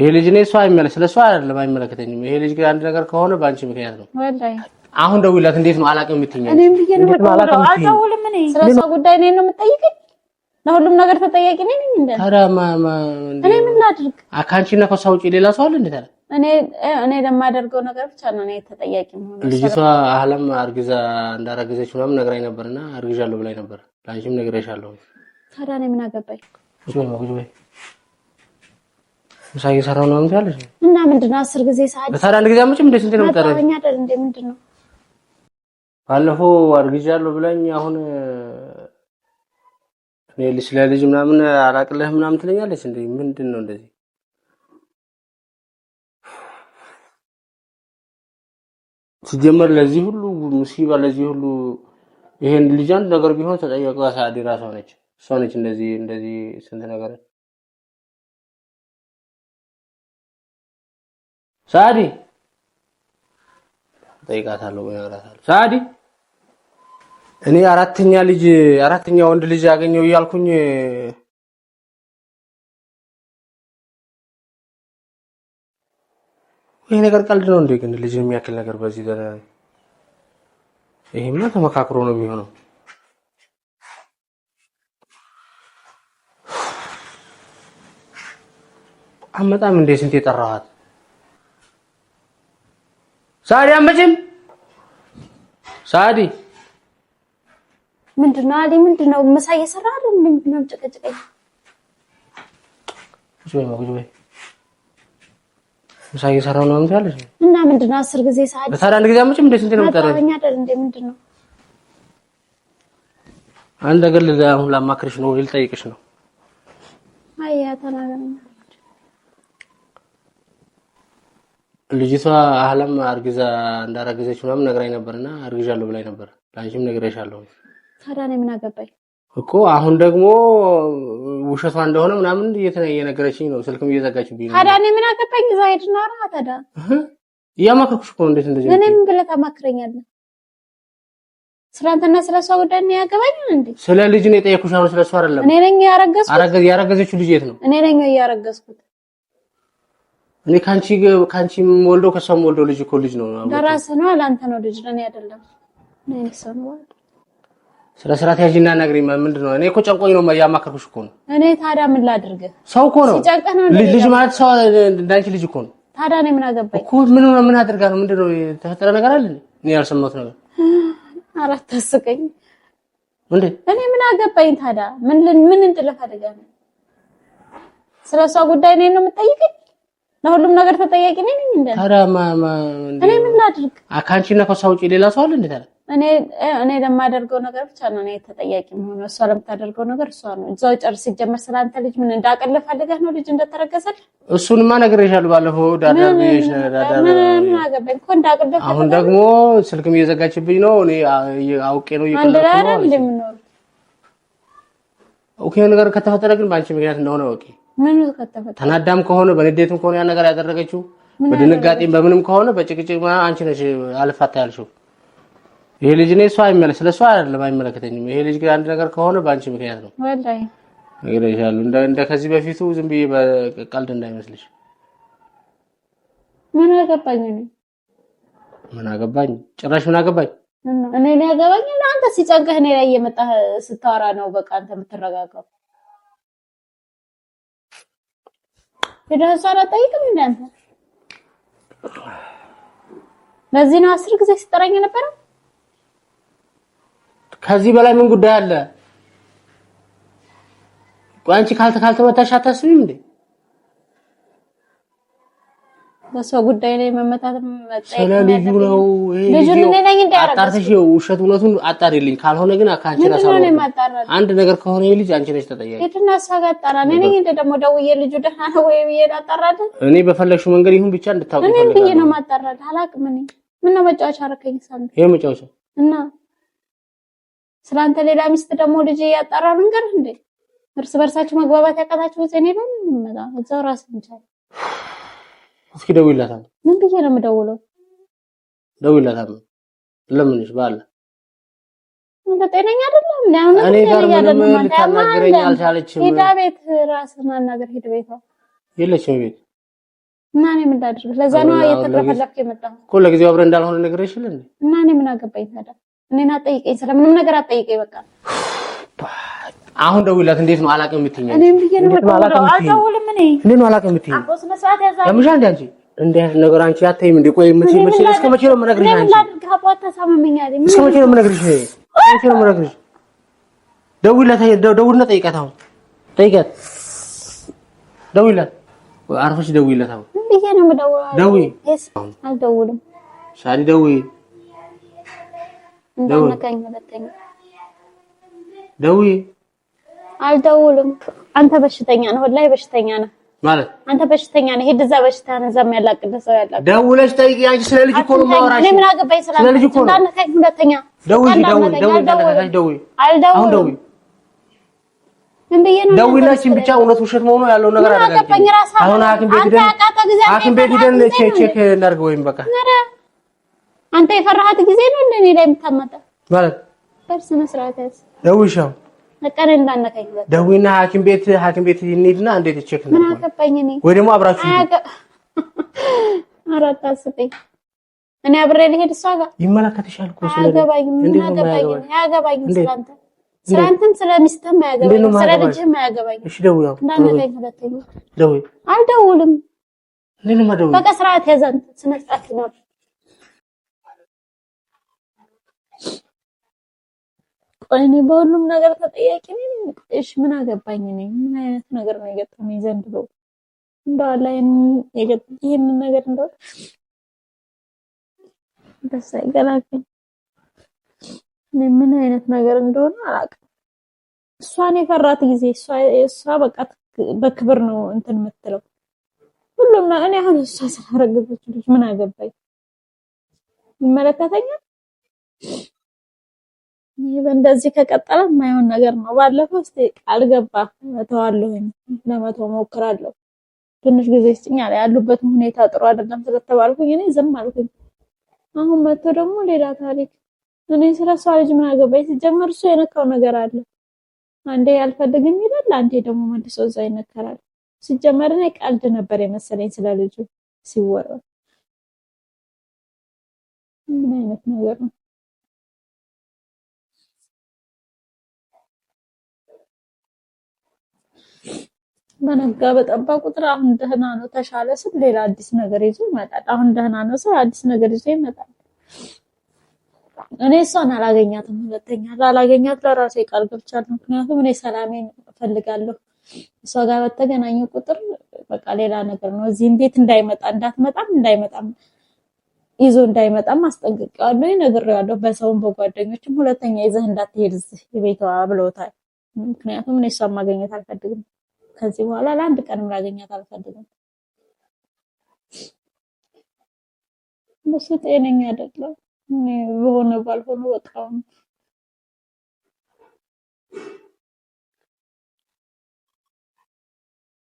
ይሄ ልጅ እኔ እሷ አይመለስ ለእሷ አይደለም አይመለከተኝም። ይሄ ልጅ ግን አንድ ነገር ከሆነ በአንቺ ምክንያት ነው። አሁን ደውላት። እንዴት ነው አላውቅም የምትይኝ? ስለ እሷ ጉዳይ እኔን ነው ለሁሉም ነገር ተጠያቂ ነኝ እንዴ? ኧረ እኔ ምን ላድርግ? ከእሷ ሌላ ሰው አለ እንዴ? እኔ እኔ ለማደርገው ነገር ብቻ ነው እኔ ተጠያቂ መሆን። ልጅቷ አህለም አርግዛ እንዳረገዘች ምናምን ነግራኝ ነበርና አርግዣለሁ ብላኝ ነበር። ለአንቺም ነግሬሻለሁ። ታዲያ እኔ ምን አገባኝ? ምሳ እየሰራሁ ነው ያለሽ እና ምንድነው? ነው አስር ጊዜ ሰዓት በታዲያ አንድ ጊዜ አመጭም እንዴ? ስንት ነው የምጠራኝ? ምንድን ነው ባለፈው አርግዣለሁ ብለኝ አሁን እኔ ልጅ ለልጅ ምናምን አላቅልህም ምናምን ትለኛለች እንዴ? ምንድን ነው እንደዚህ? ሲጀመር ለዚህ ሁሉ ሙሲባ ለዚህ ሁሉ ይሄን ልጅ አንድ ነገር ቢሆን ተጠያቂዋ ሳዲ ራሷ ነች። እሷ ነች እንደዚህ እንደዚህ ስንት ነገር ሳዲ ጠይቃታለሁ ወይ እራታለሁ። ሳዲ እኔ አራተኛ ልጅ አራተኛ ወንድ ልጅ ያገኘው እያልኩኝ ይሄ ነገር ቀልድ ነው እንዴ? ግን ልጅ የሚያክል ነገር በዚህ ደረጃ ይሄማ ተመካክሮ ነው የሚሆነው። አመጣም እንዴ ስንት የጠራኋት ሳዲ አመጭም ሳዲ ምንድነው? አሊ ምንድነው? ምሳ እየሰራ አይደል? ምንድነው ጭቅጭቅ? ጭቅጭቀኝ? ምሳ እየሰራሁ ነው እንዴ አለሽ? እና ምንድነው? አስር ጊዜ ሳዲ ታዲያ አንድ ጊዜ አመጭም እንዴ? ስንት ነው የምጠራኝ? ምንድነው? አንድ ነገር አሁን ላማክርሽ ነው ልጠይቅሽ ነው። አያ ተናገረኝ ልጅቷ አህላም አርግዛ እንዳረገዘች ምናምን ነግራኝ እና አርግዣለሁ ብላኝ ነበር። ለአንቺም ነግሬሻለሁ። ታዲያ እኔ ምን አገባኝ እኮ። አሁን ደግሞ ውሸቷ እንደሆነ ምናምን እየነገረችኝ ነው። ስልክም እየዘጋችብኝ ነው። ታዲያ እኔ ምን አገባኝ? እዛ ሄድና አራ ታዲያ እያማከርኩሽ እኮ እንዴት እንደዚህ ምን ምን ብለህ ታማክረኛለህ? ስለአንተና ስለሷ ጉዳይ ነው ያገባኛል እንዴ? ስለ ልጅ ነው የጠየኩሽ። አሁን ስለሷ አይደለም። እኔ ነኝ ያረገዝኩት። ያረገዘችው ልጅ የት ነው? እኔ ነኝ ያረገዝኩት እኔ ካንቺ ካንቺ ወልዶ ከሷም ወልዶ ልጅ እኮ ልጅ ነው። ለራስህ ነው ለአንተ ነው ልጅ ነው አይደለም። ስለ ስራ ተያዥና ነግሪ። ምንድን ነው? እኔ እኮ ጨንቆኝ ነው እያማከርኩሽ እኮ ነው። እኔ ታዲያ ምን ላድርግ? ሰው እኮ ነው ልጅ ማለት ሰው እንዳንቺ ልጅ እኮ ነው። ታዲያ እኔ ምን አገባኝ ምን ነው ምን አድርጋ ነው? ምንድን ነው የተፈጠረ ነገር አለ? እኔ ያልሰማሁት ነገር አራት ታስቀኝ እንዴ! እኔ ምን አገባኝ ታዲያ? ምን ምን እንጥለፍ አደጋ ነው? ስለ እሷ ጉዳይ እኔን ነው የምጠይቀኝ? ለሁሉም ነገር ተጠያቂ ነኝ እንዴ? ኧረ እኔ ምን ላድርግ? ከአንቺ እና ከእሷ ውጪ ሌላ ሰው አለ እንዴ? እኔ እኔ ለማደርገው ነገር ብቻ ነው እኔ ተጠያቂ መሆኑ። እሷ ለምታደርገው ነገር እሷ ነው። እዛው ጨርስ። ሲጀመር አንተ ልጅ ምን እንዳቀለ ፈልገህ ነው ልጅ እንደተረገዘል? እሱንማ ነግሬሻለሁ ባለፈው። ዳዳር ቢሽ ዳዳር ምን አገባኝ እኮ እንዳቀለ። አሁን ደግሞ ስልክም እየዘጋችብኝ ነው። እኔ አውቄ ነው እየቀለድኩ ነው። ኦኬ ነገር ከተፈጠረ ግን በአንቺ ምክንያት እንደሆነ ወቂ ምን ከተፈጠረ ተናዳም ከሆነ በንዴትም ከሆነ ያን ነገር ያደረገችው በድንጋጤም በምንም ከሆነ በጭቅጭቅ አንቺ ነሽ አልፋታ ያልሽው። ይሄ ልጅ እኔ እሷ አይመለስ ለእሷ አይደለም አይመለከተኝም። ይሄ ልጅ ግን አንድ ነገር ከሆነ በአንቺ ምክንያት ነው። ወላይ እግሬሻለሁ። እንደ እንደ ከዚህ በፊቱ ዝም ብዬ በቀልድ እንዳይመስልሽ። ምን አገባኝ እኔ ምን አገባኝ ጭራሽ ምን አገባኝ እኔ እኔ ያገባኝ አንተ ሲጨንቅህ እኔ ላይ እየመጣህ ስታወራ ነው። በቃ አንተ የምትረጋጋው ሄደህ እሷን አጠይቅም እንደ አንተ። ለዚህ ነው አስር ጊዜ ስጠራኝ ከዚህ በላይ ምን ጉዳይ አለ? ቆይ አንቺ ካልተ ካልተመታሽ አታስቢም እንዴ? በሰው ጉዳይ ላይ መመታት መጣይ ልጁ ነው አጣርተሽ ውሸት እውነቱን አጣሪልኝ። ካልሆነ ግን ከአንቺ ራስ አንድ ነገር ከሆነ ልጅ አንቺ ነሽ ተጠያቂ። የትና ሳጋ አጣራ እኔ ነኝ እንደ ደግሞ ደውዬ ልጁ ደህና ነው ወይ ብዬ አጣራለ። እኔ በፈለግሽው መንገድ ይሁን ብቻ እንድታውቂ እኔ ብዬ ነው ማጣራለ። አላቅም እኔ ምን ነው መጫወቻ አረከኝ ሳምንት ይሄ መጫወቻ እና ስለአንተ ሌላ ሚስት ደግሞ ልጅ ያጣራ ነገር እንዴ እርስ በርሳችሁ መግባባት ያቃታችሁት እኔ ላይ ምን ነው እዛው ራስ እንቻለ እስኪ ደውይላታል። ምን ብዬ ነው የምደውለው? ደውይላታል። ለምንሽ ባለ እንደ ጤነኛ አይደለም። እኔ ጋር ምንም ልታናግረኝ አልቻለችም። ቤት ማናገር ቤቷ የለችም ቤት እና እኔ ምን ላድርግ? ለዛ ነው እኮ ለጊዜው አብረን እንዳልሆነ ነገር ይችላል እና እኔ ምን አገባኝ ታዲያ? እኔን አጠይቀኝ፣ ስለምንም ነገር አጠይቀኝ በቃ አሁን ደውላት። እንዴት ነው አላውቅም የምትይኝ? እኔም ብዬሽ ነው እኔ እንዴት ነው አላውቅም የምትይኝ? አንቺ ነገር አንቺ አታይም እንዴ? ቆይ እስከ መቼ ነው አንቺ እስከ መቼ ነው ነው አሁን አርፈሽ ደውላት። አሁን ብዬሽ ነው የምደውለው። ደውይ። አልደውልም። ሻሊ ደውይ፣ ደውይ፣ ደውይ አልደውልም። አንተ በሽተኛ ነህ፣ ወላሂ በሽተኛ ነህ ማለት አንተ በሽተኛ ነህ። ሄድ እዛ በሽታ ነው እዛ የሚያላቅድ ሰው ያላቅድ። ደውለሽ ጠይቂ። አንቺ ስለ ልጅ እኮ ነው የማወራሽ። እኔ ምን አገባኝ ስለ ልጅ እኮ ነው። ሁለተኛ ደውይ፣ ደውይ፣ ደውይ፣ ደውይ። አልደውልም ደውላችን ብቻ እውነት ውሸት መሆኑ ያለው ነገር አደረገኝ። አሁን ሐኪም ቤት ሄደን ሐኪም ቤት ሄደን ቼክ እናድርግ ወይም በቃ አንተ የፈራሃት ጊዜ ነው እንደኔ ላይ የምታመጣ ማለት በስነ ስርዓት ቀን እንዳነካኝ ነበር። ደውይና ሐኪም ቤት ሐኪም ቤት እንሂድና እንዴት ቼክ ምን አገባኝ እኔ ወይ ደግሞ አብራችሁ ኧረ እኔ አብሬ ልሄድ እሷ ጋር ይመለከትሻል እኮ አያገባኝም። አያገባኝም። ስለ አያገባኝም። አልደውልም። በቃ ስርዓት ያዛን ይኖር እኔ በሁሉም ነገር ተጠያቂ ነኝ። እሺ ምን አገባኝ? እኔ ምን አይነት ነገር ነው የገጠመኝ ዘንድሮ? እንደው ላይ ይህን ነገር እንደው ደስ አይገላገኝ። እኔ ምን አይነት ነገር እንደሆነ አላውቅም። እሷን የፈራት ጊዜ እሷ በቃ በክብር ነው እንትን የምትለው ሁሉም ነው። እኔ አሁን እሷ ስላረገዘች ልጅ ምን አገባኝ? ይመለከተኛል በእንደዚህ ከቀጠለ የማይሆን ነገር ነው። ባለፈው እስቲ ገባ እተዋለሁኝ ለመተው ሞክራለሁ ትንሽ ጊዜ ስጥኝ አለ። ሁኔታ ጥሩ አይደለም ስለተባልኩኝ እኔ ዝም አልኩኝ። አሁን መጥቶ ደግሞ ሌላ ታሪክ። እኔ ስለ እሷ ልጅ ምን አገባኝ? ሲጀመር እሱ የነካው ነገር አለ። አንዴ አልፈልግም ይላል፣ አንዴ ደግሞ መልሶ እዛ ይነከራል። ሲጀመር እኔ ቀልድ ነበር የመሰለኝ ስለ ልጁ ሲወራ። ምን አይነት ነገር ነው? በነጋ በጠባ ቁጥር አሁን ደህና ነው ተሻለ ስል ሌላ አዲስ ነገር ይዞ ይመጣል። አሁን ደህና ነው ስል አዲስ ነገር ይዞ ይመጣል። እኔ እሷን አላገኛትም። ሁለተኛ ላላገኛት ለራሴ ቃል ገብቻለሁ። ምክንያቱም እኔ ሰላሜን እፈልጋለሁ። እሷ ጋር በተገናኘ ቁጥር በቃ ሌላ ነገር ነው። እዚህም ቤት እንዳይመጣ እንዳትመጣም እንዳይመጣም ይዞ እንዳይመጣም አስጠንቅቄዋለሁ፣ ነግሬዋለሁ። በሰውም በጓደኞችም ሁለተኛ ይዘህ እንዳትሄድ እዚህ የቤቷ ብለውታል። ምክንያቱም እኔ እሷን ማገኘት አልፈልግም። ከዚህ በኋላ ለአንድ ቀንም ላገኛት አልፈልግም። እሱ ጤነኛ አይደለም። በሆነ ባልሆነ በጣም።